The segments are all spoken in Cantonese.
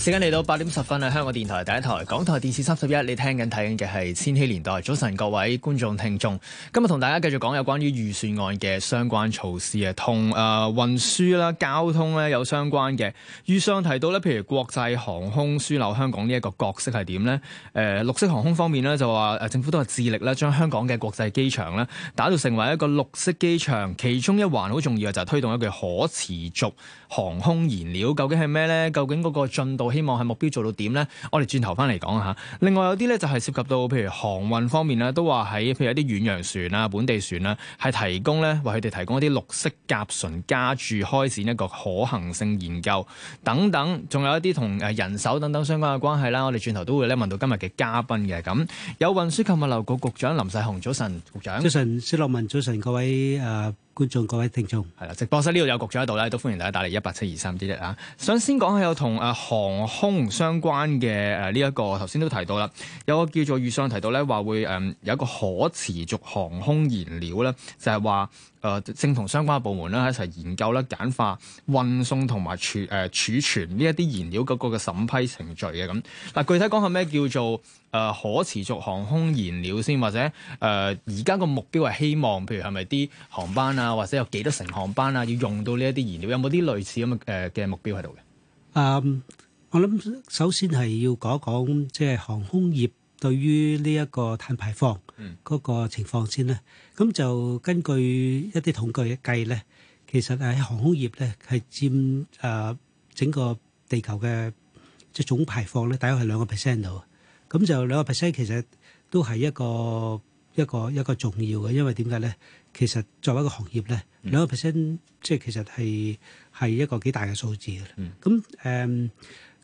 時間嚟到八點十分啊！香港電台第一台，港台電視三十一，你聽緊睇緊嘅係《千禧年代》。早晨，各位觀眾聽眾，今日同大家繼續講有關於預算案嘅相關措施啊，同誒運輸啦、交通咧有相關嘅。預算上提到咧，譬如國際航空樞紐香港呢一個角色係點咧？誒、呃，綠色航空方面咧就話誒，政府都係致力咧，將香港嘅國際機場咧打造成為一個綠色機場。其中一環好重要嘅就係推動一個可持續航空燃料。究竟係咩咧？究竟嗰個進度？希望係目標做到點咧？我哋轉頭翻嚟講吓。另外有啲咧就係涉及到譬如航運方面啦，都話喺譬如一啲遠洋船啊、本地船啊，係提供咧，為佢哋提供一啲綠色甲醇加注開展一個可行性研究等等，仲有一啲同誒人手等等相關嘅關係啦。我哋轉頭都會咧問到今日嘅嘉賓嘅。咁，有運輸及物流局局長林世雄，早晨，局長。早晨，薛樂文，早晨，各位誒。Uh 觀眾各位聽眾，係啦，直播室呢度有局長喺度咧，都歡迎大家打嚟一八七二三一一啊。想先講下有同誒航空相關嘅，誒呢一個頭先都提到啦，有個叫做預算案提到咧話會誒有一個可持續航空燃料咧，就係、是、話。誒、呃、正同相關部門咧一齊研究咧簡化運送同埋儲誒、呃、儲存呢一啲燃料嗰個嘅審批程序嘅咁。嗱、呃、具體講下咩叫做誒、呃、可持續航空燃料先，或者誒而家個目標係希望，譬如係咪啲航班啊，或者有幾多成航班啊要用到呢一啲燃料？有冇啲類似咁嘅誒嘅目標喺度嘅？嗯，um, 我諗首先係要講講即係航空業。對於呢一個碳排放嗰個情況先咧，咁就根據一啲統計嘅計咧，其實喺航空業咧係佔誒整個地球嘅即係總排放咧，大概係兩個 percent 度。咁就兩個 percent 其實都係一個一個一個重要嘅，因為點解咧？其實作為一個行業咧，兩個 percent 即係其實係係一個幾大嘅數字啦。咁誒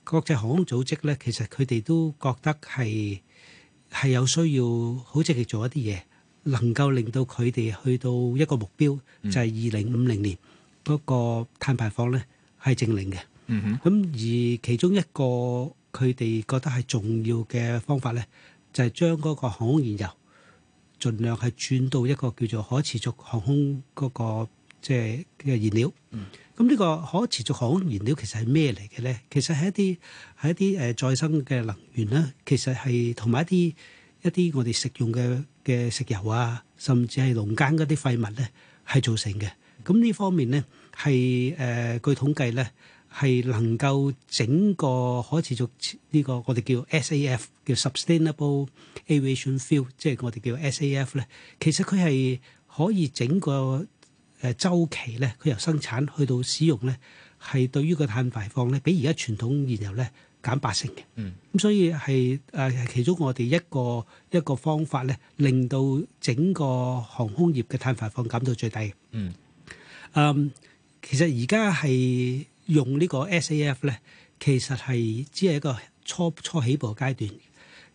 國際航空組織咧，其實佢哋都覺得係。係有需要好積極做一啲嘢，能夠令到佢哋去到一個目標，就係二零五零年嗰個碳排放咧係淨零嘅。咁而其中一個佢哋覺得係重要嘅方法咧，就係將嗰個航空燃油盡量係轉到一個叫做可持續航空嗰個即係嘅燃料。咁呢個可持續航空燃料其實係咩嚟嘅咧？其實係一啲係一啲誒再生嘅能源啦。其實係同埋一啲。一啲我哋食用嘅嘅石油啊，甚至係農耕嗰啲廢物咧，係造成嘅。咁呢方面咧，係誒據統計咧，係能夠整個可持續呢個我哋叫 S A F，叫 sustainable aviation fuel，即係我哋叫 S A F 咧。其實佢係可以整個誒週期咧，佢由生產去到使用咧，係對於個碳排放咧，比而家傳統燃油咧，減八成嘅，咁所以係誒其中我哋一個一個方法咧，令到整個航空業嘅碳排放減到最低嘅。嗯，誒，其實而家係用呢個 SAF 咧，其實係只係一個初初起步嘅階段。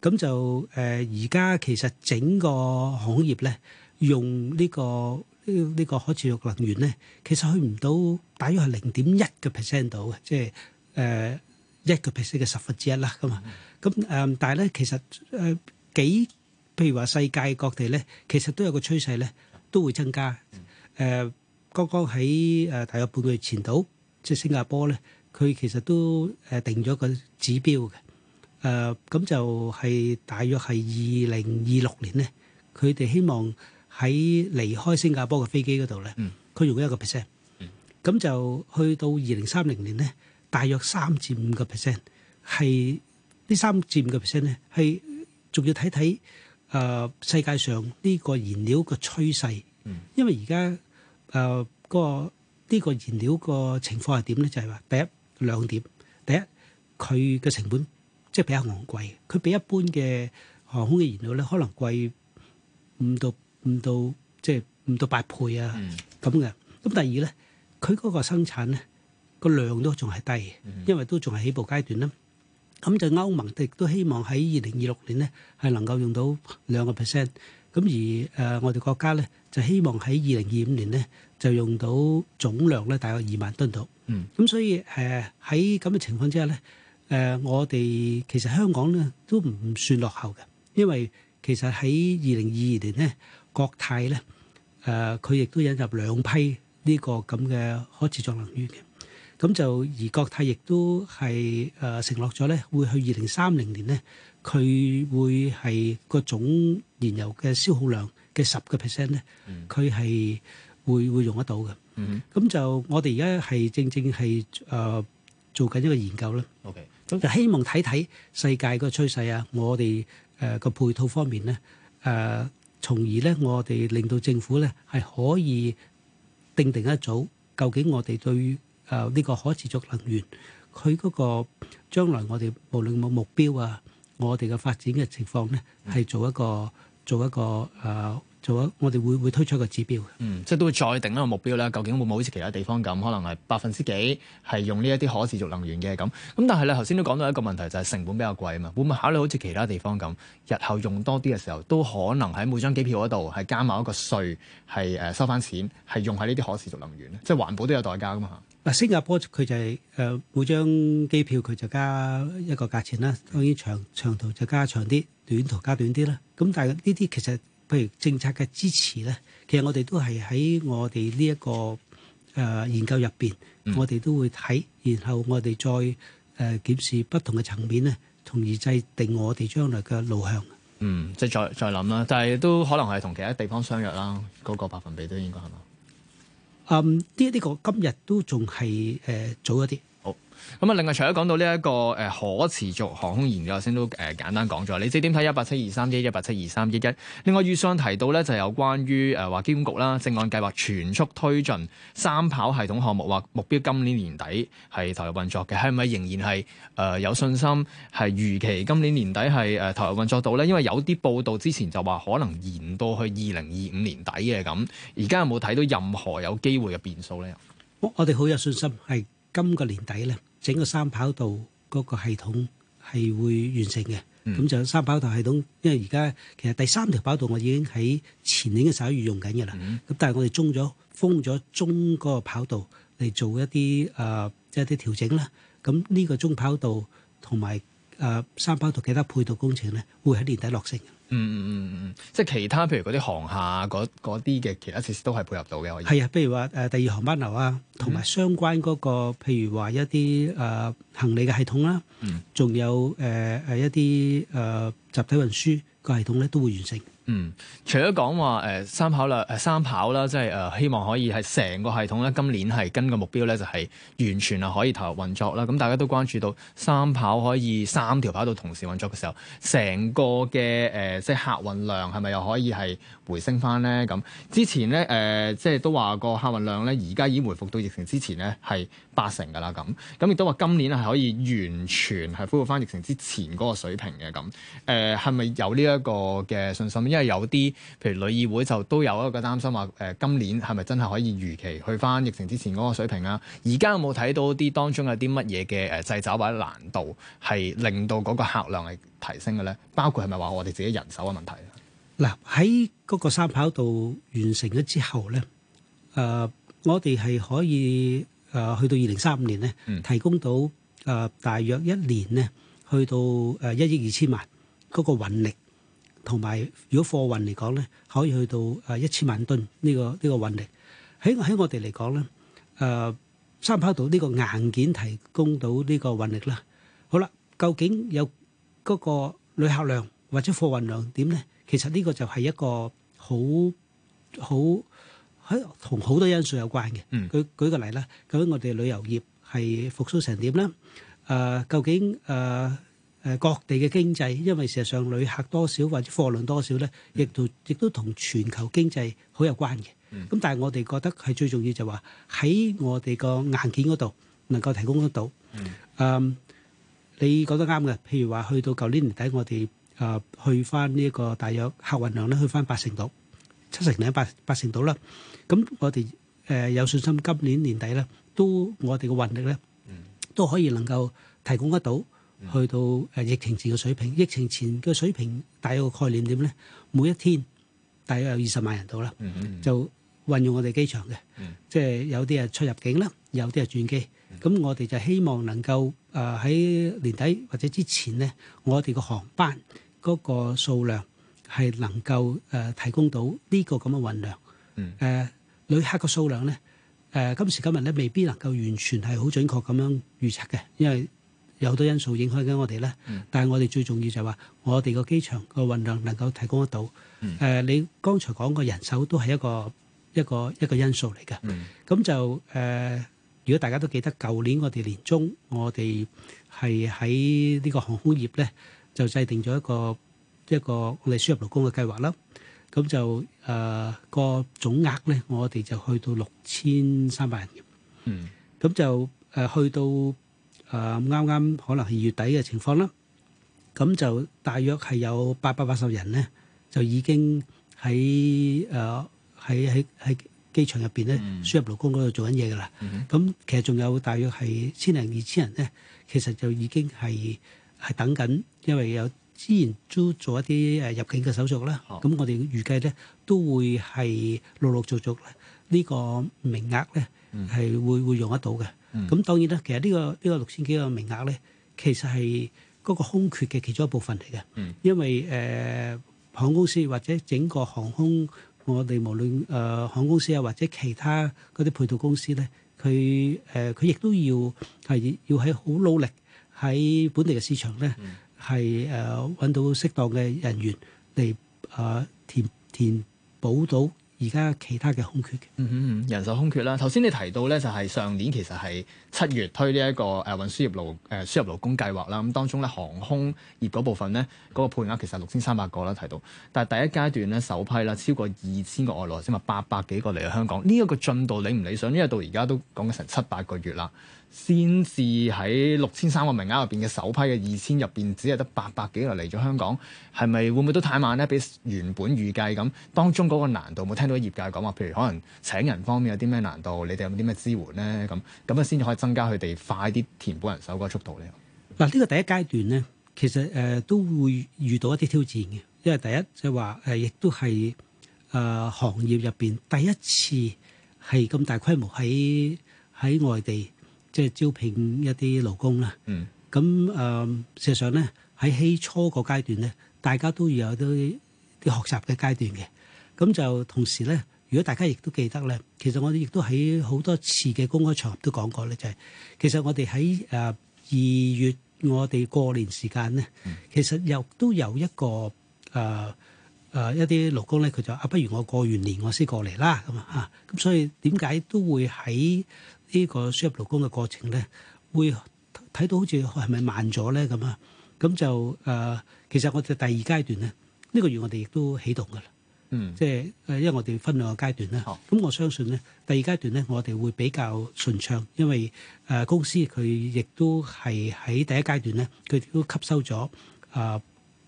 咁就誒，而家其實整個航空業咧，用呢個呢呢個可持續能源咧，其實去唔到大約係零點一個 percent 度嘅，即係誒。一個 percent 嘅十分之一啦，咁啊，咁誒，但係咧，其實誒幾，譬如話世界各地咧，其實都有個趨勢咧，都會增加。誒，剛剛喺誒大約半個月前度，即係新加坡咧，佢其實都誒定咗個指標嘅。誒，咁就係大約係二零二六年咧，佢哋希望喺離開新加坡嘅飛機嗰度咧，佢用一個 percent。咁就去到二零三零年咧。大約三至五個 percent，係呢三至五個 percent 咧，係仲要睇睇誒世界上呢個燃料嘅趨勢。因為而家誒嗰個呢個燃料個情況係點咧？就係話第一兩點，第一佢嘅成本即係比較昂貴，佢比一般嘅航空嘅燃料咧可能貴五到五到即係五到八倍啊咁嘅。咁第二咧，佢嗰個生產咧。個量都仲係低，因為都仲係起步階段咧。咁就歐盟亦都希望喺二零二六年呢係能夠用到兩個 percent。咁而誒、呃、我哋國家呢，就希望喺二零二五年呢就用到總量呢大概二萬噸度。嗯，咁所以誒喺咁嘅情況之下呢，誒、呃、我哋其實香港呢都唔算落後嘅，因為其實喺二零二二年呢，國泰呢，誒佢亦都引入兩批呢個咁嘅可持續能源嘅。咁就而國泰亦都係誒承諾咗咧，會去二零三零年咧，佢會係個總燃油嘅消耗量嘅十個 percent 咧，佢係會會用得到嘅。咁就我哋而家係正正係誒做緊一個研究啦。Okay。咁就希望睇睇世界個趨勢啊，我哋誒個配套方面咧誒，從而咧我哋令到政府咧係可以定定一組，究竟我哋對於。誒呢、呃這個可持續能源，佢嗰個將來我哋無論有冇目標啊，我哋嘅發展嘅情況咧，係做一個做一個誒。呃做啊！我哋會會推出一個指標，嗯，即係都會再定一個目標啦。究竟會唔會好似其他地方咁，可能係百分之幾係用呢一啲可持續能源嘅咁？咁但係咧，頭先都講到一個問題，就係、是、成本比較貴啊嘛。會唔會考慮好似其他地方咁，日後用多啲嘅時候，都可能喺每張機票嗰度係加埋一個稅，係誒、呃、收翻錢，係用喺呢啲可持續能源咧？即係環保都有代價㗎嘛？嗱，新加坡佢就係、是、誒、呃、每張機票佢就加一個價錢啦。當然長長途就加長啲，短途加短啲啦。咁但係呢啲其實。譬如政策嘅支持咧，其實我哋都係喺我哋呢一個誒、呃、研究入邊，我哋都會睇，然後我哋再誒檢、呃、視不同嘅層面咧，從而制定我哋將來嘅路向。嗯，即係再再諗啦，但係都可能係同其他地方相約啦，嗰、那個百分比都應該係嘛？嗯，啲、這、呢個今日都仲係誒早一啲。咁啊，另外除咗講到呢一個誒可持續航空燃料我先都誒簡單講咗，你點睇一八七二三一一八七二三一一？另外預算案提到咧，就有關於誒話機管局啦，正案計劃全速推進三跑系統項目，話目標今年年底係投入運作嘅，係咪仍然係誒、呃、有信心係預期今年年底係誒投入運作到咧？因為有啲報道之前就話可能延到去二零二五年底嘅，咁，而家有冇睇到任何有機會嘅變數咧？我我哋好有信心係今個年底咧。整個三跑道嗰個系統係會完成嘅，咁就、嗯、三跑道系統，因為而家其實第三條跑道我已經喺前年嘅十一月用緊嘅啦，咁、嗯、但係我哋中咗封咗中嗰個跑道嚟做一啲誒即係一啲調整啦，咁、嗯、呢、呢個中跑道同埋誒三跑道其他配套工程咧會喺年底落成。嗯嗯嗯嗯，即係其他譬如嗰啲航廈嗰啲嘅其他設施都係配合到嘅，可以係啊，譬如話誒、啊呃、第二航班樓啊，同埋相關嗰、那個譬如話一啲誒、呃、行李嘅系統啦、啊，嗯，仲有誒誒、呃、一啲誒、呃、集體運輸個系統咧都會完成。嗯，除咗講話誒三跑啦，誒三跑啦，即係誒、呃、希望可以係成個系統咧，今年係跟個目標咧，就係完全係可以投入運作啦。咁大家都關注到三跑可以三條跑道同時運作嘅時候，成個嘅誒、呃、即係客運量係咪又可以係回升翻咧？咁之前咧誒、呃、即係都話個客運量咧，而家已經回復到疫情之前咧係八成噶啦咁，咁亦都話今年係可以完全係恢復翻疫情之前嗰個水平嘅，咁誒，係咪有呢一個嘅信心？因有啲，譬如旅議會就都有一個擔心話，誒、呃，今年係咪真係可以預期去翻疫情之前嗰個水平啊？而家有冇睇到啲當中有啲乜嘢嘅誒掣肘或者難度，係令到嗰個客量係提升嘅咧？包括係咪話我哋自己人手嘅問題？嗱，喺嗰個三跑道完成咗之後咧，誒、呃，我哋係可以誒、呃、去到二零三五年咧，提供到誒、嗯呃、大約一年呢，去到誒一億二千萬嗰個運力。同埋，如果貨運嚟講咧，可以去到誒一千萬噸呢個呢、呢個運力。喺喺我哋嚟講咧，誒、呃、三跑道呢個硬件提供到呢個運力啦。好啦，究竟有嗰個旅客量或者貨運量點咧？其實呢個就係一個好好喺同好多因素有關嘅。嗯。舉舉個例啦，究竟我哋旅遊業係復甦成點咧？誒、呃，究竟誒，呃誒各地嘅經濟，因為事實上旅客多少或者貨量多少咧，亦都亦都同全球經濟好有關嘅。咁但係我哋覺得係最重要就話喺我哋個硬件嗰度能夠提供得到。嗯，你覺得啱嘅。譬如話去到舊年年底，我哋誒去翻呢一個大約客運量咧，去翻八成度七成零八八成度啦。咁我哋誒有信心今年年底咧，都我哋嘅運力咧，都可以能夠提供得到。去到誒疫情前嘅水平，疫情前嘅水平大約概念點咧？每一天大約有二十萬人度啦，就運用我哋機場嘅，即係有啲係出入境啦，有啲係轉機。咁我哋就希望能夠誒喺年底或者之前咧，我哋嘅航班嗰個數量係能夠誒提供到呢個咁嘅運量。誒旅客嘅數量咧，誒今時今日咧，未必能夠完全係好準確咁樣預測嘅，因為有好多因素影響緊我哋咧，但係我哋最重要就係話，我哋個機場個運量能夠提供得到。誒，你剛才講個人手都係一個一個一個因素嚟㗎。咁就誒，如果大家都記得舊年我哋年中，我哋係喺呢個航空業咧，就制定咗一個一個我哋輸入勞工嘅計劃啦。咁就誒個總額咧，我哋就去到六千三百人。嗯，咁就誒去到。誒啱啱可能係月底嘅情況啦，咁就大約係有八百八十人咧，就已經喺誒喺喺喺機場入邊咧輸入勞工嗰度做緊嘢㗎喇。咁其實仲有大約係千零二千人咧，其實就已經係係等緊，因為有之前做咗一啲誒入境嘅手續啦。咁我哋預計咧都會係陸陸續續呢個名額咧係會會用得到嘅。咁、嗯、當然啦，其實呢、呢個呢、呢個六千幾個名額咧，其實係嗰個空缺嘅其中一部分嚟嘅，嗯、因為誒、呃、航空公司或者整個航空，我哋無論誒、呃、航空公司啊或者其他嗰啲配套公司咧，佢誒佢亦都要係要喺好努力喺本地嘅市場咧，係誒揾到適當嘅人員嚟誒、呃、填填補到。而家其他嘅空缺，嗯哼，人手空缺啦。頭先你提到咧，就係上年其實係七月推呢、這、一個誒、啊、運輸業勞誒、啊、輸入勞工計劃啦，咁、啊、當中咧航空業嗰部分咧嗰、那個配額其實六千三百個啦，提到，但係第一階段咧首批啦超過二千個外個來先物八百幾個嚟香港，呢、這、一個進度理唔理想？因為到而家都講緊成七八個月啦，先至喺六千三個名額入邊嘅首批嘅二千入邊，只有得八百幾個嚟咗香港，係咪會唔會都太慢咧？比原本預計咁，當中嗰個難度有冇聽到業界講話？譬如可能請人方面有啲咩難度，你哋有啲咩支援咧？咁咁啊先可以。增加佢哋快啲填補人手嗰個速度咧。嗱，呢個第一階段咧，其實誒都會遇到一啲挑戰嘅，因為第一即係話誒，亦都係誒行業入面第一次係咁大規模喺喺外地即係招聘一啲勞工啦。嗯。咁誒，事實上咧，喺起初個階段咧，大家都要有啲啲學習嘅階段嘅，咁就同時咧。如果大家亦都記得咧，其實我哋亦都喺好多次嘅公開場合都講過咧，就係、是、其實我哋喺誒二月我哋過年時間咧，其實又都有一個誒誒、呃呃、一啲勞工咧，佢就啊，不如我過完年我先過嚟啦，咁啊嚇，咁所以點解都會喺呢個輸入勞工嘅過程咧，會睇到好似係咪慢咗咧咁啊？咁就誒、呃，其實我哋第二階段咧，呢、這個月我哋亦都起動噶啦。嗯，即係誒，因為我哋分兩個階段啦。咁我相信咧，第二階段咧，我哋會比較順暢，因為誒公司佢亦都係喺第一階段咧，佢都吸收咗誒、呃、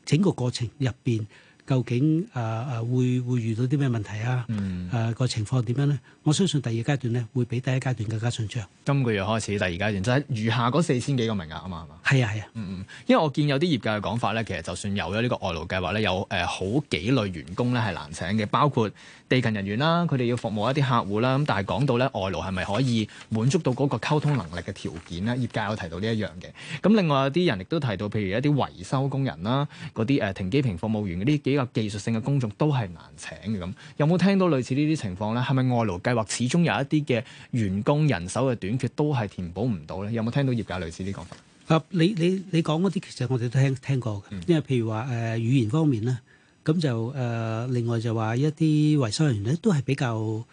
整個過程入邊。究竟誒誒、呃、會會遇到啲咩問題啊？誒個、嗯呃、情況點樣咧？我相信第二階段咧會比第一階段更加順暢。今個月開始第二階段，就係、是、餘下嗰四千幾個名額啊嘛，係啊係啊。啊嗯嗯，因為我見有啲業界嘅講法咧，其實就算有咗呢個外勞計劃咧，有誒、呃、好幾類員工咧係難請嘅，包括地勤人員啦，佢哋要服務一啲客戶啦。咁但係講到咧外勞係咪可以滿足到嗰個溝通能力嘅條件咧？業界有提到呢一樣嘅。咁另外有啲人亦都提到，譬如一啲維修工人啦，嗰啲誒停機坪服務員嗰啲技術性嘅工作都係難請嘅，咁，有冇聽到類似呢啲情況咧？係咪外勞計劃始終有一啲嘅員工人手嘅短缺都係填補唔到咧？有冇聽到業界類似啲講法？啊，你你你講嗰啲其實我哋都聽聽過嘅，因為譬如話誒語言方面咧，咁就誒另外就話一啲維修人員咧都係比較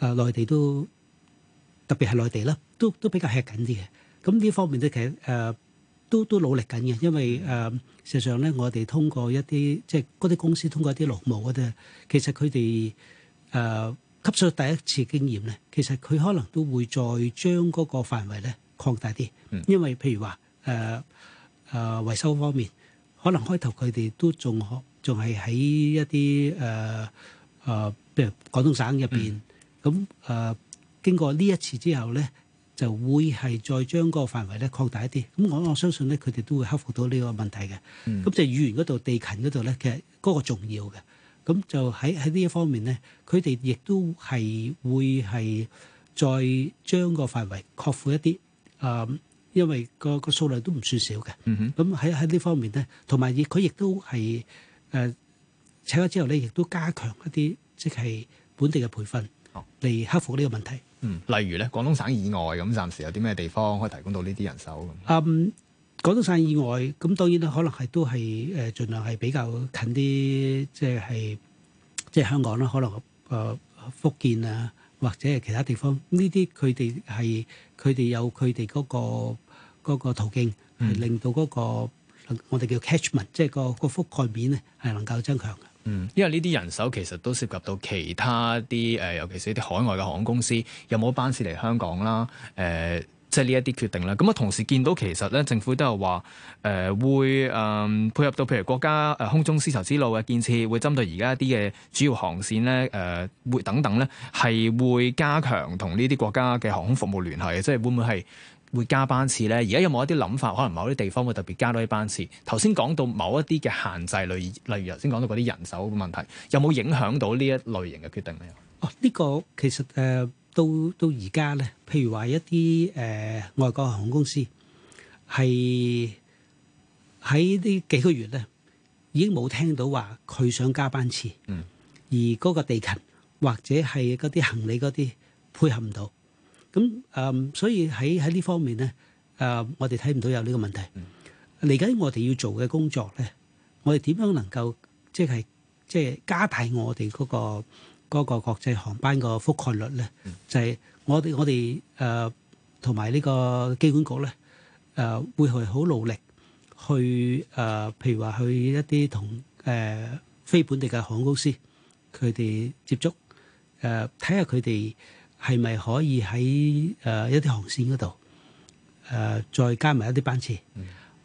誒內地都特別係內地啦，都都比較吃緊啲嘅。咁呢方面都其實誒都都努力緊嘅，因為誒。事實上咧，我哋通過一啲即係嗰啲公司通過一啲勞務嗰啲，其實佢哋誒吸取第一次經驗咧，其實佢可能都會再將嗰個範圍咧擴大啲，因為譬如話誒誒維修方面，可能開頭佢哋都仲可仲係喺一啲誒誒，譬、呃呃、如廣東省入邊，咁誒、嗯嗯呃、經過呢一次之後咧。就會係再將嗰個範圍咧擴大一啲，咁我我相信咧，佢哋都會克服到呢個問題嘅。咁、mm hmm. 就語言嗰度、地勤嗰度咧，其實嗰個重要嘅。咁就喺喺呢一方面咧，佢哋亦都係會係再將個範圍擴闊一啲。啊、呃，因為、嗰個、嗰個數量都唔算少嘅。咁喺喺呢方面咧，同埋佢亦都係誒、呃、請咗之後咧，亦都加強一啲即係本地嘅培訓嚟克服呢個問題。Mm hmm. 嗯，例如咧，廣東省以外咁，嗯，暫時有啲咩地方可以提供到呢啲人手咁？啊，嗯，廣東省以外咁，當然啦，可能係都係誒盡量係比較近啲，即係係即係香港啦，可能誒、呃、福建啊，或者係其他地方，呢啲佢哋係佢哋有佢哋嗰個嗰個途徑令到嗰個我哋叫 catchment，即係嗰個嗰個覆蓋面咧，係能夠增強。嗯，因為呢啲人手其實都涉及到其他啲誒、呃，尤其是啲海外嘅航空公司有冇班次嚟香港啦，誒、呃，即係呢一啲決定啦。咁、嗯、啊，同時見到其實咧，政府都係話誒會誒、呃、配合到，譬如國家誒、呃、空中絲綢之路嘅建設，會針對而家一啲嘅主要航線咧誒、呃，會等等咧，係會加強同呢啲國家嘅航空服務聯繫，即係會唔會係？會加班次咧，而家有冇一啲諗法？可能某啲地方會特別加多啲班次。頭先講到某一啲嘅限制類，例如頭先講到嗰啲人手嘅問題，有冇影響到呢一類型嘅決定咧？哦，呢個其實誒，到到而家咧，譬如話一啲誒、外國航空公司係喺呢幾個月咧，已經冇聽到話佢想加班次，嗯，而嗰個地勤或者係嗰啲行李嗰啲配合唔到。咁誒，所以喺喺呢方面咧，誒，我哋睇唔到有呢個問題。嚟緊我哋要做嘅工作咧，我哋點樣能夠即係即係加大我哋嗰個嗰個國際航班個覆蓋率咧？就係我哋我哋誒同埋呢個機管局咧誒，會去好努力去誒，譬如話去一啲同誒非本地嘅航空公司佢哋接觸誒，睇下佢哋。係咪可以喺誒一啲航線嗰度誒再加埋一啲班次，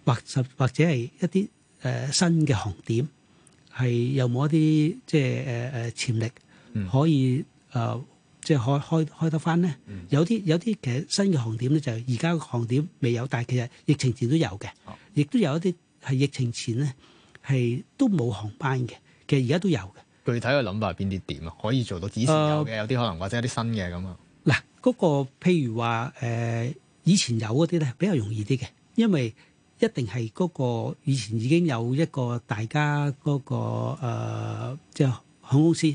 或或、嗯、或者係一啲誒、呃、新嘅航點係有冇一啲即係誒誒潛力可以誒、嗯呃、即係開開開得返咧、嗯？有啲有啲其實新嘅航點咧就係而家嘅航點未有，但係其實疫情前都有嘅，亦、哦、都有一啲係疫情前咧係都冇航班嘅，其實而家都有嘅。具體嘅諗法係邊啲點啊？可以做到以前有嘅，呃、有啲可能或者有啲新嘅咁啊。嗱，嗰、嗰個譬如話誒、呃，以前有嗰啲咧比較容易啲嘅，因為一定係嗰、嗰個以前已經有一個大家嗰、嗰個即係、呃即係、航空公司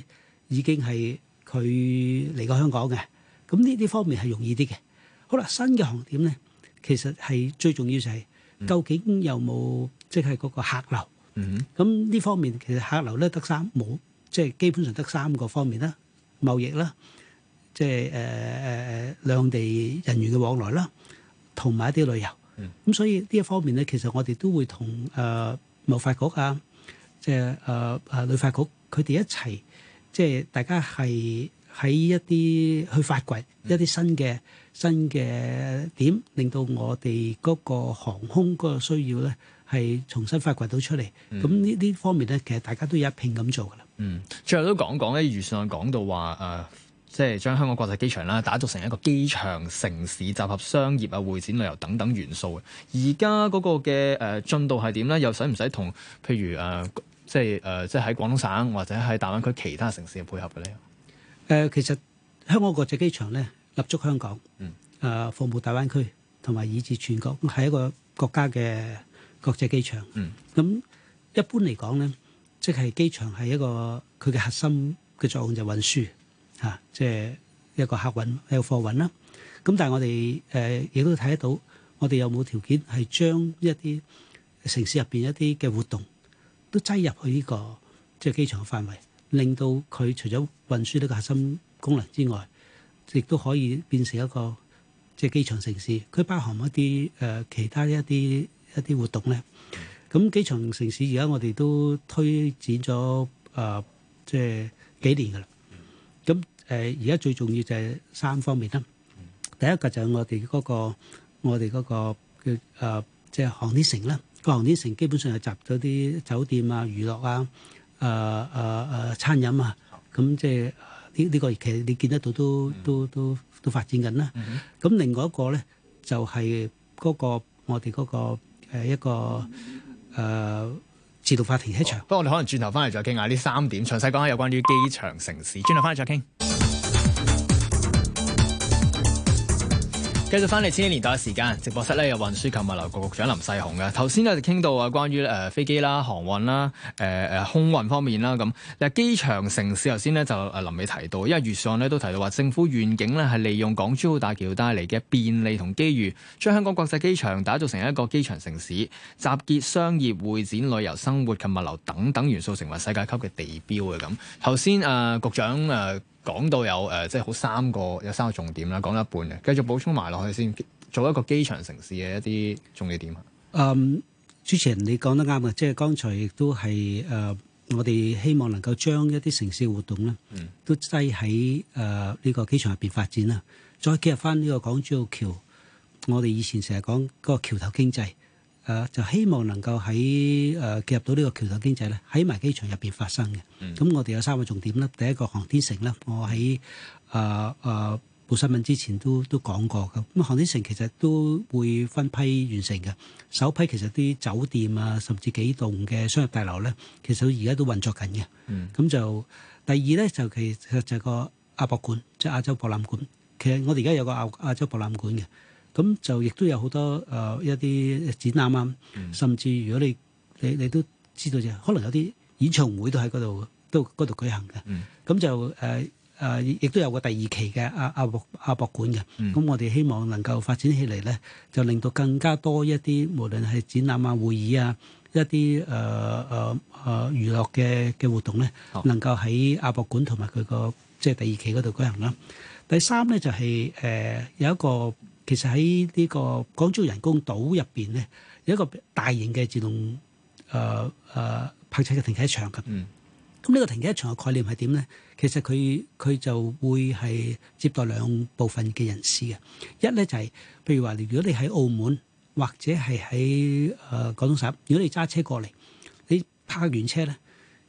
已經係佢嚟過香港嘅。咁呢啲方面係容易啲嘅。好啦，新嘅航點咧，其實係最重要就係究竟有冇即係嗰個客流。嗯哼，咁呢方面其實客流咧得三冇。即係基本上得三個方面啦，貿易啦，即係誒誒誒兩地人員嘅往來啦，同埋一啲旅遊。咁所以呢一方面咧，其實我哋都會同誒貿發局啊，即係誒誒旅發局佢哋一齊，即係大家係喺一啲去發掘一啲新嘅新嘅點，令到我哋嗰個航空嗰個需要咧係重新發掘到出嚟。咁呢呢方面咧，其實大家都有一拼咁做噶啦。嗯，最後都講講咧，預算講到話誒、呃，即係將香港國際機場啦，打造成一個機場城市，集合商業啊、會展、旅遊等等元素嘅。而家嗰個嘅誒、呃、進度係點咧？又使唔使同譬如誒、呃，即係誒、呃，即係喺廣東省或者喺大灣區其他城市嘅配合嘅咧？誒、呃，其實香港國際機場咧立足香港，嗯，誒、呃、服務大灣區同埋以至全國，係一個國家嘅國際機場。嗯，咁一般嚟講咧。即係機場係一個佢嘅核心嘅作用就運輸嚇，即係一個客運，有貨運呃、有有一個貨運啦。咁但係我哋誒亦都睇得到，我哋有冇條件係將一啲城市入邊一啲嘅活動都擠入去呢、這個即係機場嘅範圍，令到佢除咗運輸呢個核心功能之外，亦都可以變成一個即係機場城市，佢包含一啲誒、呃、其他一啲一啲活動咧。咁機場城市而家我哋都推展咗啊、呃，即係幾年噶啦。咁誒，而、呃、家最重要就係三方面啦。第一個就係我哋嗰、那個，我哋嗰、那個叫啊、呃，即係航天城啦。個航天城基本上係集咗啲酒店啊、娛樂啊、啊啊啊餐飲啊。咁即係呢呢個其實、這個、你見得到都、嗯、都都都發展緊啦。咁、嗯、哼另外一個咧就係、是、嗰、那個我哋嗰、那個、呃、一個。嗯誒，uh, 自動化停車場，不過我哋可能轉頭翻嚟再傾下呢三點，詳細講下有關於機場城市，轉頭翻嚟再傾。繼續翻嚟千禧年代嘅時間，直播室咧，有運輸及物流局局長林世雄嘅。頭先咧就傾到啊，關於誒飛機啦、航運啦、誒、呃、誒、呃、空運方面啦，咁嗱機場城市頭先咧就誒臨尾提到，因為預算案咧都提到話，政府願景咧係利用港珠澳大橋帶嚟嘅便利同機遇，將香港國際機場打造成一個機場城市，集結商業、會展、旅遊、生活及物流等等元素，成為世界級嘅地標嘅咁。頭先誒局長誒。呃講到有誒、呃，即係好三個有三個重點啦，講一半嘅，繼續補充埋落去先。做一個機場城市嘅一啲重點。主持人，你講得啱嘅，即係剛才亦都係誒，我哋希望能夠將一啲城市活動咧，嗯，都擠喺誒呢個機場入邊發展啦。再結合翻呢個港珠澳橋，我哋以前成日講嗰個橋頭經濟。誒、啊、就希望能夠喺誒夾入到呢個橋頭經濟咧，喺埋機場入邊發生嘅。咁、嗯、我哋有三個重點啦。第一個航天城啦，我喺誒誒報新聞之前都都講過嘅。咁航天城其實都會分批完成嘅。首批其實啲酒店啊，甚至幾棟嘅商業大樓咧，其實到而家都運作緊嘅。咁、嗯、就第二咧就其實就個亞博館，即、就、係、是、亞洲博覽館。其實我哋而家有個亞亞洲博覽館嘅。咁就亦都有好多誒一啲展覽啊，嗯、甚至如果你你你都知道就，可能有啲演唱會都喺嗰度都嗰度舉行嘅。咁、嗯、就誒誒、呃、亦都有個第二期嘅亞亞博亞博館嘅。咁、嗯、我哋希望能夠發展起嚟咧，就令到更加多一啲無論係展覽啊、會議啊、一啲誒誒誒娛樂嘅嘅活動咧，嗯、能夠喺亞博館同埋佢個即係第二期嗰度舉行啦。第三咧就係、是、誒、呃、有一個。一個其實喺呢個廣州人工島入邊咧，有一個大型嘅自動誒誒泊車嘅停車場嘅。咁呢、嗯、個停車場嘅概念係點咧？其實佢佢就會係接待兩部分嘅人士嘅。一咧就係、是、譬如話，如果你喺澳門或者係喺誒廣東省，如果你揸車過嚟，你泊完車咧，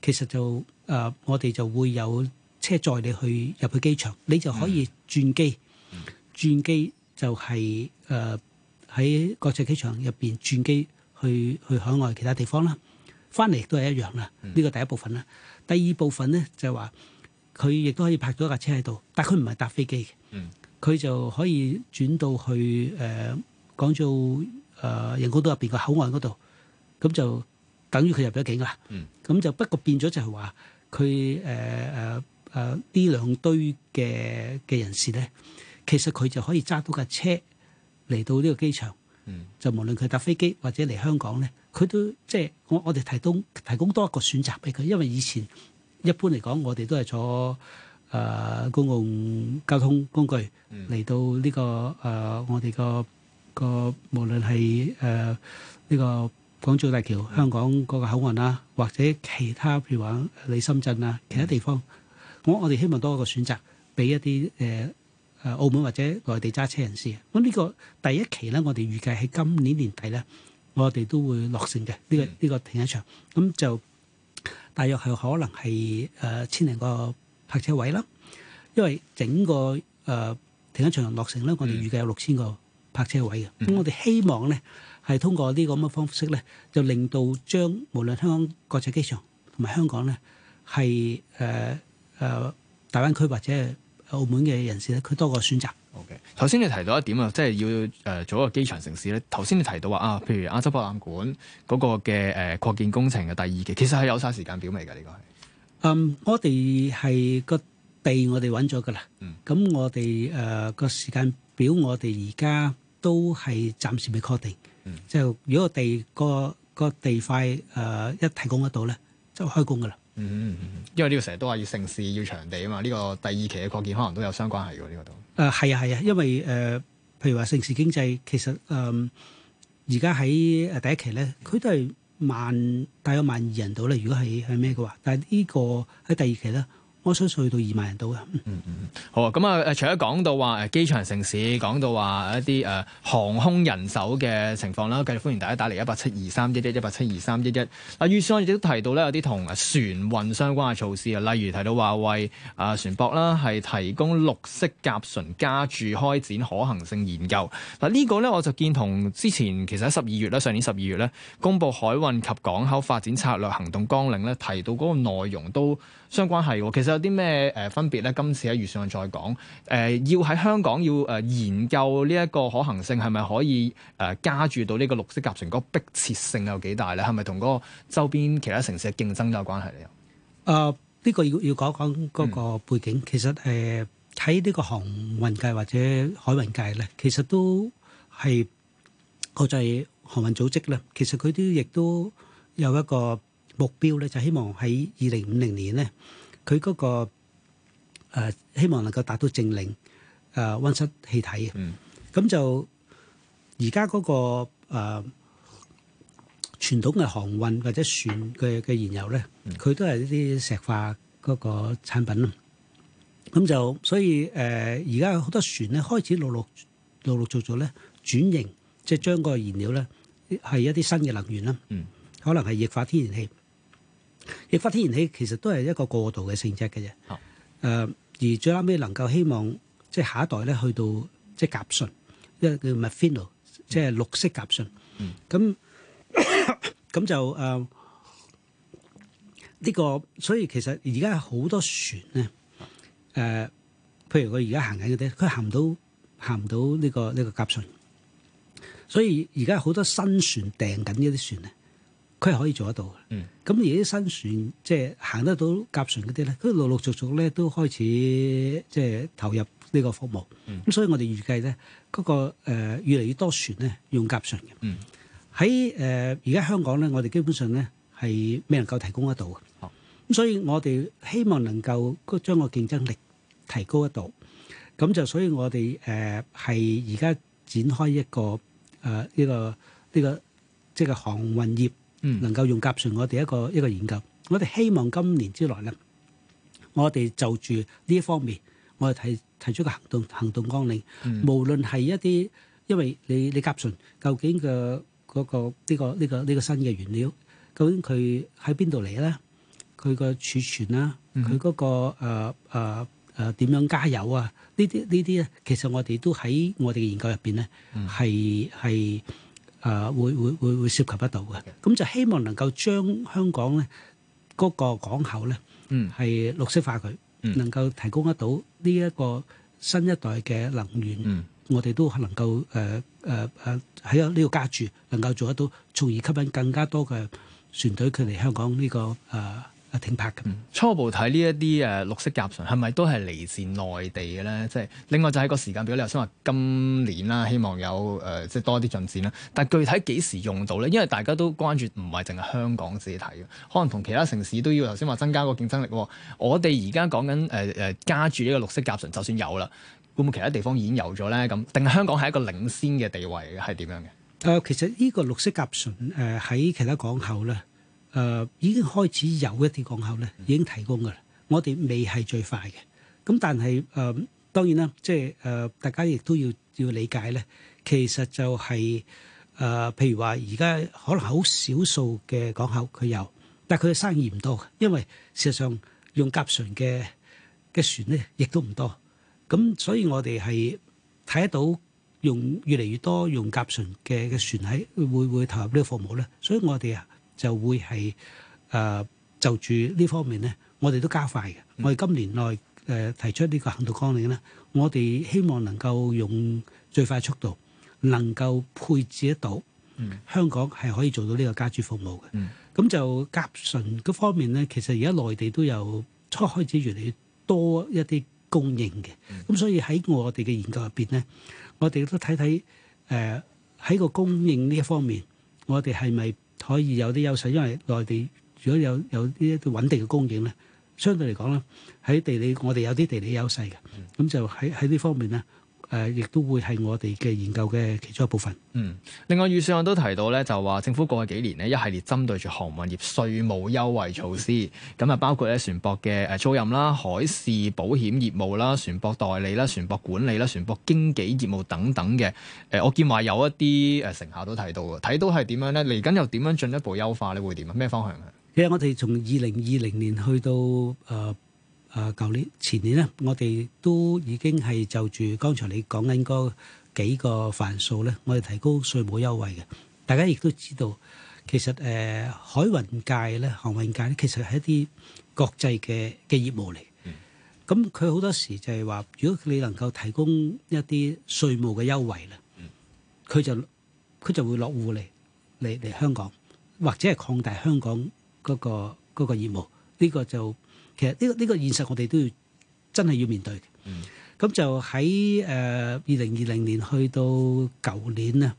其實就誒、呃、我哋就會有車載你去入去機場，你就可以轉機轉機。嗯嗯就係誒喺國際機場入邊轉機去去海外其他地方啦，翻嚟都係一樣啦。呢個、嗯、第一部分啦，第二部分咧就係話佢亦都可以泊咗架車喺度，但係佢唔係搭飛機嘅，佢、嗯、就可以轉到去誒、呃、講做誒人工島入邊個口岸嗰度，咁就等於佢入咗境啦。咁、嗯、就不過變咗就係話佢誒誒誒呢兩堆嘅嘅人士咧。其實佢就可以揸到架車嚟到呢個機場，嗯、就無論佢搭飛機或者嚟香港咧，佢都即係、就是、我我哋提供提供多一個選擇俾佢，因為以前一般嚟講，我哋都係坐誒、呃、公共交通工具嚟、嗯、到呢、這個誒、呃、我哋個個無論係誒呢個港珠澳大橋、嗯、香港嗰個口岸啦，或者其他譬如話嚟深圳啦，其他地方，嗯、我我哋希望多一個選擇俾一啲誒。呃誒澳門或者內地揸車人士，咁呢個第一期咧，我哋預計喺今年年底咧，我哋都會落成嘅呢個呢個停車場。咁就大約係可能係誒、呃、千零個泊車位啦，因為整個誒、呃、停車場落成咧，我哋預計有六千個泊車位嘅。咁、嗯、我哋希望咧，係通過呢個咁嘅方式咧，就令到將無論香港國際機場同埋香港咧，係誒誒大灣區或者。澳門嘅人士咧，佢多個選擇。O K，頭先你提到一點啊，即係要誒、呃、做一個機場城市咧。頭先你提到話啊，譬如亞洲博覽館嗰個嘅誒、呃、擴建工程嘅第二期，其實係有曬時間表未嘅呢個係？嗯，我哋係個地我哋揾咗噶啦。嗯，咁我哋誒個時間表我哋而家都係暫時未確定。嗯，就如果個地、嗰個、嗰個地塊誒、呃、一提供得到咧，就開工噶啦。嗯嗯嗯，因為呢個成日都話要盛事要場地啊嘛，呢、這個第二期嘅擴建可能都有相關係喎，呢、這個都。誒係、呃、啊係啊，因為誒、呃、譬如話盛事經濟其實誒而家喺誒第一期咧，佢都係萬大約萬二人度啦，如果係係咩嘅話，但係呢個喺第二期咧，我相信去到二萬人度啊。嗯嗯 好啊！咁啊，除咗講到話誒機場城市，講到話一啲誒航空人手嘅情況啦，繼續歡迎大家打嚟一八七二三一一一八七二三一一。啊，預算我亦都提到咧，有啲同船運相關嘅措施啊，例如提到話為啊船舶啦，係提供綠色甲醇加注開展可行性研究。嗱呢個咧，我就見同之前其實喺十二月咧，上年十二月咧，公布海運及港口發展策略行動綱領咧，提到嗰個內容都。相關係喎，其實有啲咩誒分別咧？今次喺預算案再講誒、呃，要喺香港要誒研究呢一個可行性係咪可以誒、呃、加注到呢個綠色甲醇？嗰迫切性有幾大咧？係咪同嗰個周邊其他城市嘅競爭都有關係咧？啊、呃，呢、呢個要要講講嗰個背景。嗯、其實誒喺呢個航運界或者海運界咧，其實都係國際航運組織啦。其實佢哋亦都有一個。目標咧就是、希望喺二零五零年咧，佢嗰、那個、呃、希望能夠達到淨零誒温室氣體嘅。咁、嗯嗯、就而家嗰個誒傳、呃、統嘅航運或者船嘅嘅燃油咧，佢都係呢啲石化嗰個產品咯。咁就所以誒，而家好多船咧開始陸陸陸陸續續咧轉型，即係將個燃料咧係一啲新嘅能源啦，嗯、可能係液化天然氣。液化天然氣其實都係一個過渡嘅性質嘅啫。誒，而最後尾能夠希望即係下一代咧去到即係甲醇，因為叫 methanol，即係綠色甲醇。咁咁就誒呢個，所以其實而家好多船咧，誒，譬如佢而家行緊嗰啲，佢行唔到行唔到呢個呢個甲醇。所以而家好多新船訂緊呢啲船咧。佢係可以做得到嘅。咁、嗯、而啲新船，即、就、係、是、行得到甲船嗰啲咧，佢陸陸續續咧都開始即係投入呢個服務。咁、嗯、所以我哋預計咧，嗰個越嚟越多船咧用甲船嘅。喺誒而家香港咧，我哋基本上咧係未能夠提供得到嘅。咁好所以我哋希望能夠將個競爭力提高一度。咁就所以我哋誒係而家展開一個誒呢、呃這個呢、這個、這個、即係航運業。能夠用甲醇，我哋一個一個研究，我哋希望今年之內咧，我哋就住呢一方面，我哋提提出一個行動行動綱領。嗯、無論係一啲，因為你你甲醇究竟嘅、那、嗰個呢、呢個呢、呢個呢、呢個呢個新嘅原料，究竟佢喺邊度嚟咧？佢、啊嗰個儲存啦，佢嗰個誒誒誒點樣加油啊？呢啲呢啲咧，其實我哋都喺我哋嘅研究入邊咧，係係、嗯。誒、呃、會會會會涉及得到嘅，咁就希望能夠將香港咧嗰、那個港口咧，嗯，係綠色化佢，嗯、能夠提供得到呢一個新一代嘅能源，嗯、我哋都能夠誒誒誒喺呢度加注，能夠做得到，從而吸引更加多嘅船隊佢嚟香港呢、這個誒。呃啊，挺白嘅。初步睇呢一啲誒綠色甲醇係咪都係嚟自內地嘅咧？即係另外就係個時間表你頭先話今年啦，希望有誒、呃、即係多啲進展啦。但係具體幾時用到咧？因為大家都關注，唔係淨係香港自己睇嘅，可能同其他城市都要頭先話增加個競爭力。我哋而家講緊誒誒加住呢個綠色甲醇就算有啦，會唔會其他地方已經有咗咧？咁定係香港係一個領先嘅地位係點樣嘅？誒、呃，其實呢個綠色甲醇誒喺、呃、其他港口咧。嗯誒已經開始有一啲港口咧，已經提供㗎啦。我哋未係最快嘅，咁但係誒當然啦，即係誒大家亦都要要理解咧。其實就係誒，譬如話而家可能好少數嘅港口佢有，但係佢嘅生意唔多，因為事實上用甲醇嘅嘅船咧亦都唔多。咁所以我哋係睇得到用越嚟越多用甲醇嘅嘅船喺會會投入呢個服務咧，所以我哋啊。就會係誒就住呢方面咧，我哋都加快嘅。我哋今年內誒提出呢個行動綱領咧，我哋希望能夠用最快速度能夠配置得到香港係可以做到呢個家住服務嘅。咁就甲醇嗰方面咧，其實而家內地都有初開始越嚟越多一啲供應嘅。咁所以喺我哋嘅研究入邊咧，我哋都睇睇誒喺個供應呢一方面，我哋係咪？可以有啲優勢，因為內地如果有有一啲穩定嘅供應咧，相對嚟講咧，喺地理我哋有啲地理優勢嘅，咁就喺喺呢方面咧。誒，亦、呃、都會係我哋嘅研究嘅其中一部分。嗯，另外預算案都提到呢，就話政府過去幾年呢，一系列針對住航運業稅務優惠措施，咁啊 包括咧船舶嘅誒租賃啦、海事保險業務啦、船舶代理啦、船舶管理啦、船舶經紀業務等等嘅。誒、呃，我見話有一啲誒成效都提到嘅，睇到係點樣呢？嚟緊又點樣進一步優化你會點啊？咩方向啊？其實我哋從二零二零年去到誒。呃呃呃誒舊年前年咧，我哋都已經係就住剛才你講緊嗰幾個範數咧，我哋提高稅務優惠嘅。大家亦都知道，其實誒海運界咧、航運界咧，其實係一啲國際嘅嘅業務嚟。咁佢好多時就係話，如果你能夠提供一啲稅務嘅優惠啦，佢就佢就會落戶嚟嚟嚟香港，或者係擴大香港嗰個嗰個業務。呢個就其實呢個呢個現實，我哋都要真係要面對嘅。咁就喺誒二零二零年去到舊年啊，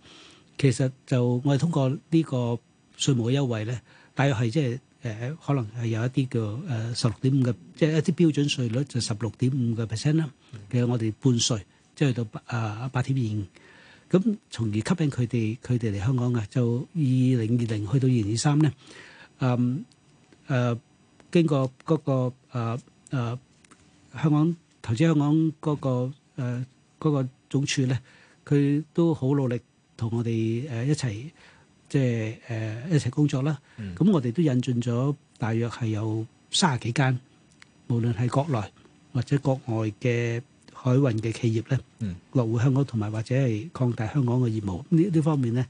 其實就我哋通過呢個稅務嘅優惠咧，大約係即係誒可能係有一啲叫誒十六點五嘅，即係一啲標準稅率就十六點五嘅 percent 啦。其實我哋半稅即係去到八誒八點二五，咁從而吸引佢哋佢哋嚟香港嘅。就二零二零去到二零二三咧，誒。經過嗰、那個誒、呃啊、香港投資香港嗰個誒嗰、呃那個總署咧，佢都好努力同我哋誒一齊即係誒一齊工作啦。咁、嗯、我哋都引進咗大約係有三十幾間，無論係國內或者國外嘅海運嘅企業咧，嗯、落戶香港同埋或者係擴大香港嘅業務呢呢方面咧。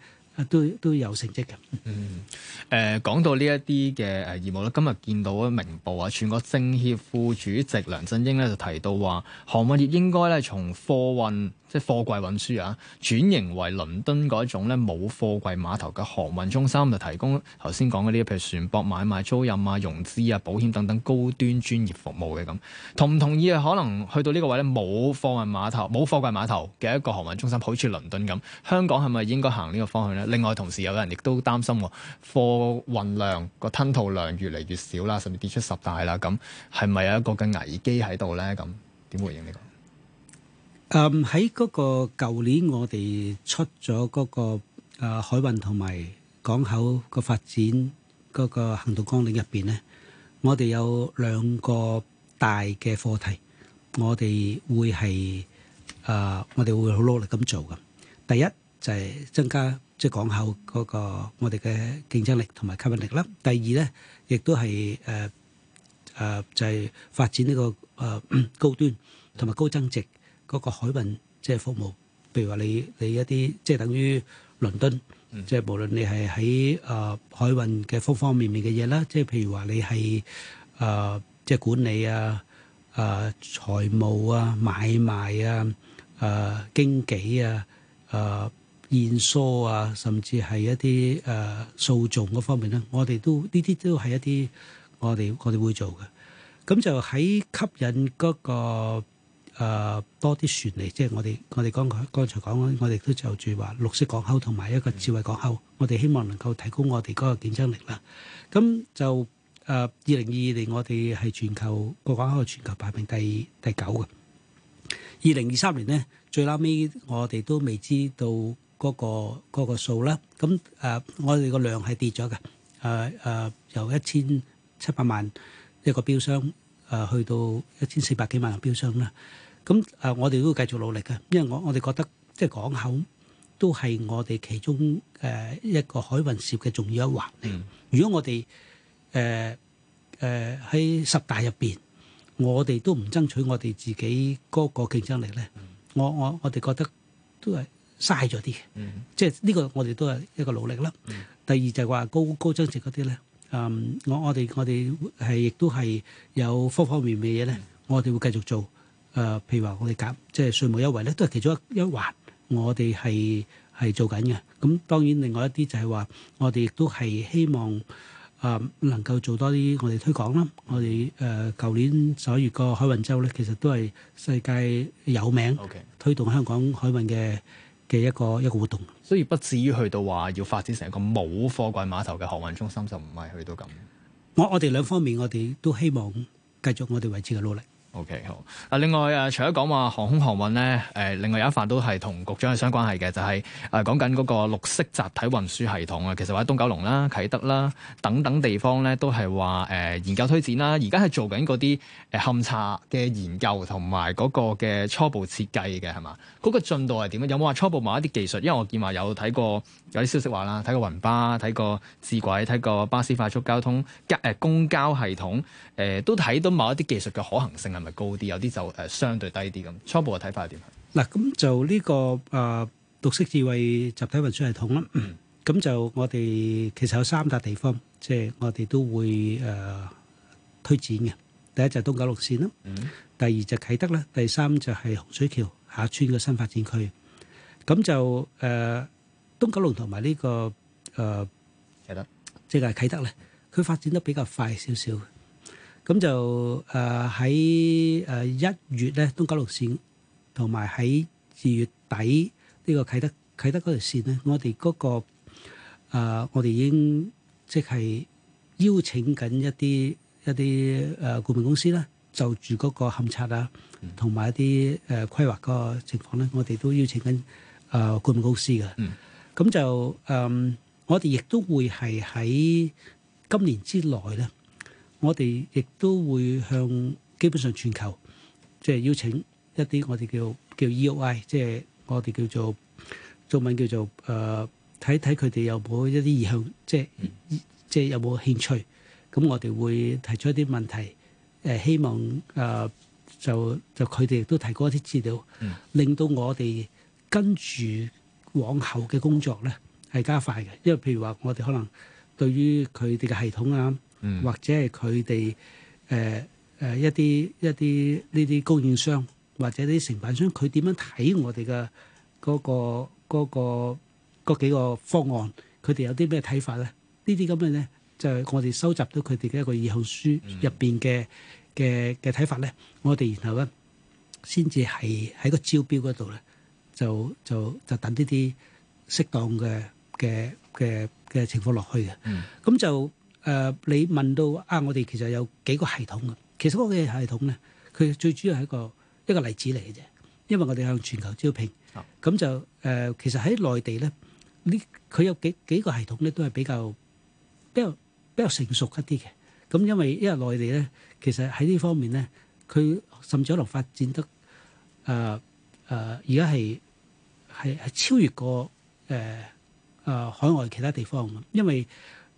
都都有成績嘅。嗯，誒、呃、講到呢一啲嘅誒業務啦，今日見到啊明報啊，全國政協副主席梁振英咧就提到話，航運業應該咧從貨運，即係貨櫃運輸啊，轉型為倫敦嗰一種咧冇貨櫃碼頭嘅航運中心，就提供頭先講嘅呢譬如船舶買賣、租賃啊、融資啊、保險等等高端專業服務嘅咁。同唔同意啊？可能去到呢個位咧，冇貨運碼頭、冇貨櫃碼頭嘅一個航運中心，好似倫敦咁，香港係咪應該行呢個方向咧？另外同時有人亦都擔心貨運量個吞吐量越嚟越少啦，甚至跌出十大啦，咁係咪有一個嘅危機喺度咧？咁點回應呢個？誒喺嗰個舊年，我哋出咗嗰個誒海運同埋港口個發展嗰個行動綱領入邊咧，我哋有兩個大嘅課題，我哋會係誒我哋會好努力咁做嘅。第一就係增加即係港口嗰個我哋嘅競爭力同埋吸引力啦。第二咧，亦都係誒誒就係發展呢個誒高端同埋高增值。嗰個海運即係服務，譬如話你你一啲即係等於倫敦，即係無論你係喺誒海運嘅方方面面嘅嘢啦，即係譬如話你係誒即係管理啊、誒財務啊、買賣啊、誒經紀啊、誒驗証啊，甚至係一啲誒訴訟嗰方面咧，我哋都呢啲都係一啲我哋我哋會做嘅。咁就喺吸引嗰個。誒多啲船嚟，即係我哋我哋講，剛剛才講，我哋都就住話綠色港口同埋一個智慧港口，我哋希望能夠提高我哋嗰個競爭力啦。咁就誒二零二二年，我哋係全球個港口係全球排名第第九嘅。二零二三年呢，最拉尾我哋都未知到嗰個嗰個數啦。咁誒，我哋個量係跌咗嘅。誒誒，由一千七百萬一個標箱誒，去到一千四百幾萬個標箱啦。咁誒，我哋都繼續努力嘅，因為我我哋覺得即係港口都係我哋其中誒一個海運涉嘅重要一環嚟。如果我哋誒誒喺十大入邊，我哋都唔爭取我哋自己嗰個競爭力咧，我我我哋覺得都係嘥咗啲嘅，即係呢個我哋都係一個努力啦。第二就係話高高增值嗰啲咧，啊，我我哋我哋係亦都係有方方面面嘅嘢咧，我哋會繼續做。誒、呃，譬如話我哋減即係稅務優惠咧，都係其中一,一環我。我哋係係做緊嘅。咁、嗯、當然另外一啲就係話，我哋亦都係希望誒、呃、能夠做多啲我哋推廣啦。我哋誒舊年十一月個海運周咧，其實都係世界有名推動香港海運嘅嘅一個一個活動。所以不至於去到話要發展成一個冇貨櫃碼頭嘅航運中心就唔係去到咁。我我哋兩方面我哋都希望繼續我哋為此嘅努力。O.K. 好。啊，另外啊，除咗講話航空航運咧，誒、呃，另外有一塊都係同局長係相關係嘅，就係、是、誒、呃、講緊嗰個綠色集體運輸系統啊。其實喺東九龍啦、啟德啦等等地方咧，都係話誒研究推展啦。而家係做緊啲誒勘察嘅研究同埋個嘅初步設計嘅係嘛？嗰個進度係點啊？有冇話初步某一啲技術，因為我見話有睇過有啲消息話啦，睇過雲巴、睇過智軌，睇過巴士快速交通、誒、呃、公交系統誒、呃、都睇到某一啲技術嘅可行性啊。唔係高啲，有啲就誒相對低啲咁。初步嘅睇法係點？嗱，咁就呢個誒綠色智慧集體運輸系統啦。咁就我哋其實有三笪地方，即係我哋都會誒推展嘅。第一就東九龍線啦，第二就啟德啦，第三就係洪水橋下村嘅新發展區。咁就誒東九龍同埋呢個誒啟德，即係啟德咧，佢發展得比較快少少。咁就誒喺誒一月咧，東九六線同埋喺二月底呢個啟德啟德嗰條線咧，我哋嗰個誒，我哋已經即係邀請緊一啲一啲誒顧問公司啦，就住嗰個勘測啊，同埋一啲誒規劃個情況咧，我哋都邀請緊誒顧問公司嘅。嗯。咁就誒，我哋亦都會係喺今年之內咧。我哋亦都會向基本上全球，即係邀請一啲我哋叫叫 EOI，即係我哋叫做中文叫做誒睇睇佢哋有冇一啲意向，即係即係有冇興趣。咁我哋會提出一啲問題，誒希望誒就就佢哋都提供一啲資料，令到我哋跟住往後嘅工作咧係加快嘅。因為譬如話我哋可能對於佢哋嘅系統啊。或者係佢哋誒誒一啲一啲呢啲供應商，或者啲承辦商，佢點樣睇我哋嘅嗰個嗰、嗰個、嗰個、幾個方案？佢哋有啲咩睇法咧？這這呢啲咁嘅咧，就係、我哋收集到佢哋嘅一個意向書入邊嘅嘅嘅睇法咧，我哋然後咧先至係喺個招標嗰度咧，就就就等呢啲適當嘅嘅嘅嘅情況落去嘅。咁、嗯、就。誒，你問到啊，我哋其實有幾個系統嘅。其實嗰個系統咧，佢最主要係一個一個例子嚟嘅啫。因為我哋向全球招聘，咁、嗯、就誒、呃，其實喺內地咧，呢佢有幾幾個系統咧，都係比較比較比較成熟一啲嘅。咁因為因為內地咧，其實喺呢方面咧，佢甚至可能發展得誒誒，而家係係係超越過誒誒、呃呃、海外其他地方嘅，因為。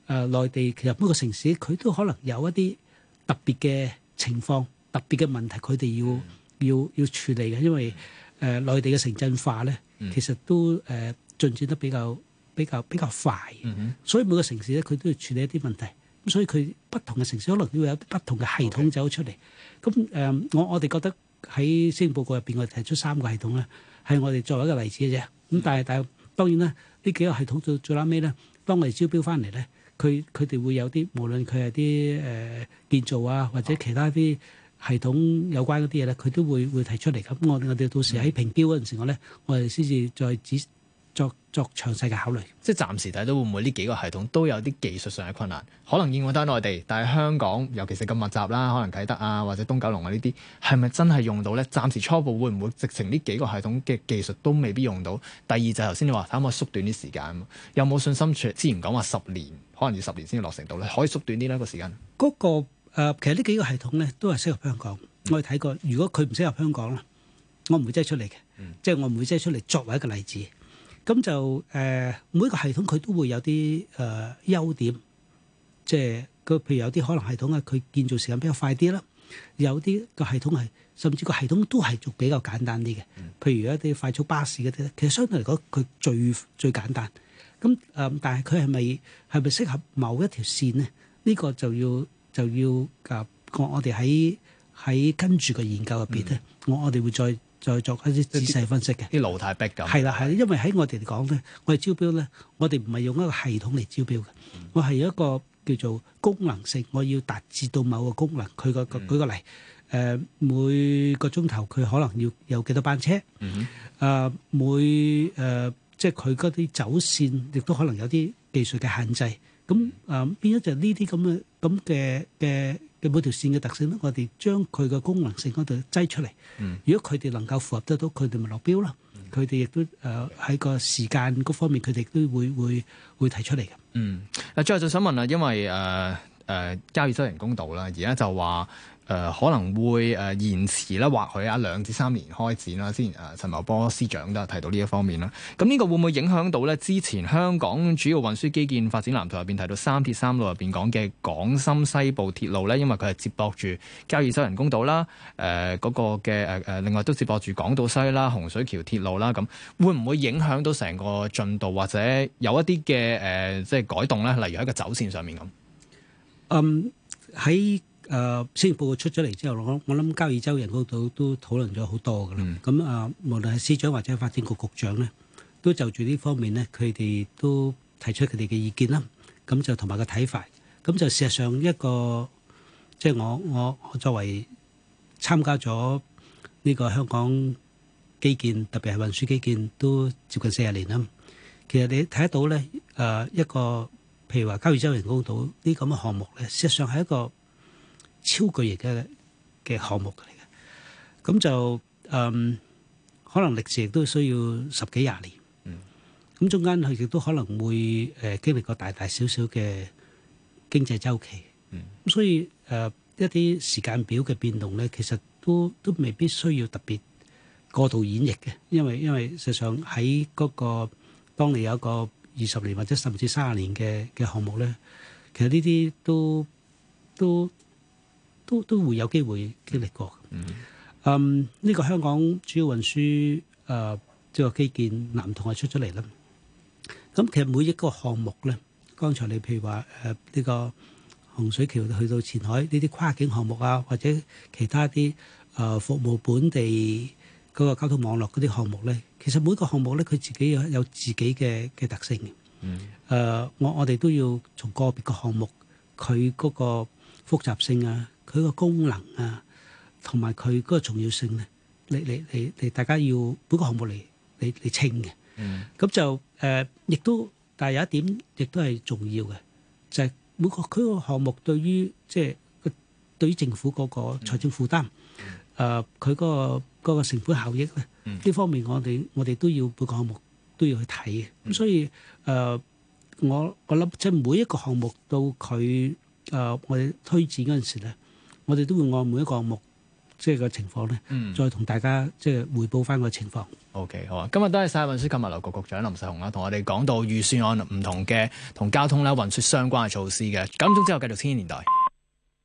誒內、呃、地其實每個城市佢都可能有一啲特別嘅情況、特別嘅問題，佢哋要、mm hmm. 要要，要處理嘅，因為誒內、mm hmm. 呃、地嘅城鎮化咧，其實都誒進、呃、展得比較比較比較快，mm hmm. 所以每個城市咧，佢都要處理一啲問題，咁所以佢不同嘅城市可能都會有不同嘅系統走出嚟。咁誒 Okay.、嗯，我我哋覺得喺施政報告入邊，我哋提出三個系統咧，係我哋作為一個例子嘅啫。咁但係但，但，但當然啦，呢幾，幾個系統到最拉尾咧，當我哋招標翻嚟咧。佢佢哋會有啲，無論佢係啲誒建造啊或者其他啲系統有關嗰啲嘢咧，佢都會會提出嚟咁。我我哋到時喺評標嗰陣時我咧，我哋先至再指。作作詳細嘅考慮，即係暫時睇到會唔會呢幾個系統都有啲技術上嘅困難，可能見過得內地，但係香港尤其是咁密集啦，可能啟德啊或者東九龍啊呢啲係咪真係用到咧？暫時初步會唔會直情呢幾個系統嘅技術都未必用到？第二就係頭先你話睇可以縮短啲時間啊？有冇信心？之前講話十年，可能要十年先至落成到咧，可以縮短啲咧、嗰個時間。嗰個其實呢幾個系統咧都係適合香港。我哋睇過，如果佢唔適合香港咧，我唔會即係出嚟嘅，即係、嗯、我唔會即係出嚟作為一個例子。咁就誒、呃，每一個系統佢都會有啲誒、呃、優點，即係譬如有啲可能系統啊，佢建造時間比較快啲啦，有啲個系統係甚至個系統都係做比較簡單啲嘅。譬如一啲快速巴士嗰啲咧，其實相對嚟講佢最最簡單。咁誒、呃，但係佢係咪係咪適合某一條線咧？呢、這個就要就要誒，我哋喺喺跟住個研究入邊咧，我我哋會再。再作一啲仔細分析嘅，啲路太逼咁。係啦，係啦，因為喺我哋嚟講咧，我哋招標咧，我哋唔係用一個系統嚟招標嘅，我係有一個叫做功能性，我要達至到某個功能。佢個舉個例，誒每個鐘頭佢可能要有幾多班車？誒每誒即係佢嗰啲走線，亦都可能有啲技術嘅限制。咁誒變咗就呢啲咁嘅咁嘅嘅。嘅每條線嘅特性咧，我哋將佢嘅功能性嗰度擠出嚟。如果佢哋能夠符合得到，佢哋咪落標咯。佢哋亦都誒喺個時間嗰方面，佢哋都會會會提出嚟嘅。嗯，嗱，最後就想問啦，因為誒誒交椅洲人工島啦，而家就話。誒、呃、可能會誒延遲啦，或許一兩至三年開展啦，先。誒陳茂波司長都提到呢一方面啦。咁呢個會唔會影響到咧？之前香港主要運輸基建發展藍圖入邊提到三鐵三路入邊講嘅港深西部鐵路咧，因為佢係接駁住交椅洲人工島啦，誒、呃、嗰、那個嘅誒誒，另外都接駁住港島西啦、洪水橋鐵路啦，咁會唔會影響到成個進度或者有一啲嘅誒，即係改動咧？例如喺個走線上面咁。嗯、um，喺誒，施政報告出咗嚟之後，我我諗，交椅洲人工島都討論咗好多㗎啦。咁啊、嗯，無論係司長或者係發展局局長咧，都就住呢方面咧，佢哋都提出佢哋嘅意見啦。咁就同埋個睇法，咁就事實上一個即係、就是、我我作為參加咗呢個香港基建，特別係運輸基建，都接近四十年啦。其實你睇得到咧，誒一個譬如話交椅洲人工島呢咁嘅項目咧，事實上係一個超巨型嘅嘅項目嚟嘅，咁就嗯可能歷時亦都需要十幾廿年，咁、嗯、中間佢亦都可能會誒經歷過大大小小嘅經濟周期，咁、嗯、所以誒、呃、一啲時間表嘅變動咧，其實都都未必需要特別過度演繹嘅，因為因為實際上喺嗰個當你有一個二十年或者甚至三十年嘅嘅項目咧，其實呢啲都都，都都都會有機會經歷過。嗯，嗯。呢個香港主要運輸誒，即係基建難同係出咗嚟啦。咁其實每一個項目咧，剛才你譬如話誒呢個洪水橋去到前海呢啲跨境項目啊，或者其他啲誒服務本地嗰個交通網絡嗰啲項目咧，其實每一個項目咧，佢自己有有自己嘅嘅特性嘅。嗯。誒，我我哋都要從個別個項目，佢嗰個複雜性啊。佢個功能啊，同埋佢嗰個重要性咧，你、你、你、你，大家要每個項目嚟嚟嚟清嘅。嗯。咁就誒，亦都但係有一點，亦都係重要嘅，就係每個區個項目對於即係個對於政府嗰個財政負擔，誒佢嗰個嗰個成本效益咧呢方面，我哋我哋都要每個項目都要去睇嘅。咁所以誒，我諗即係每一個項目到佢誒我哋推展嗰陣時咧。我哋都會按每一個項目，即係個情況咧，嗯、再同大家即係匯報翻個情況。OK，好啊，今日都多謝晒運輸及物流局局長林世雄啊，同我哋講到預算案唔同嘅同交通啦、運輸相關嘅措施嘅。咁，九點鐘之後繼續《千禧年代》。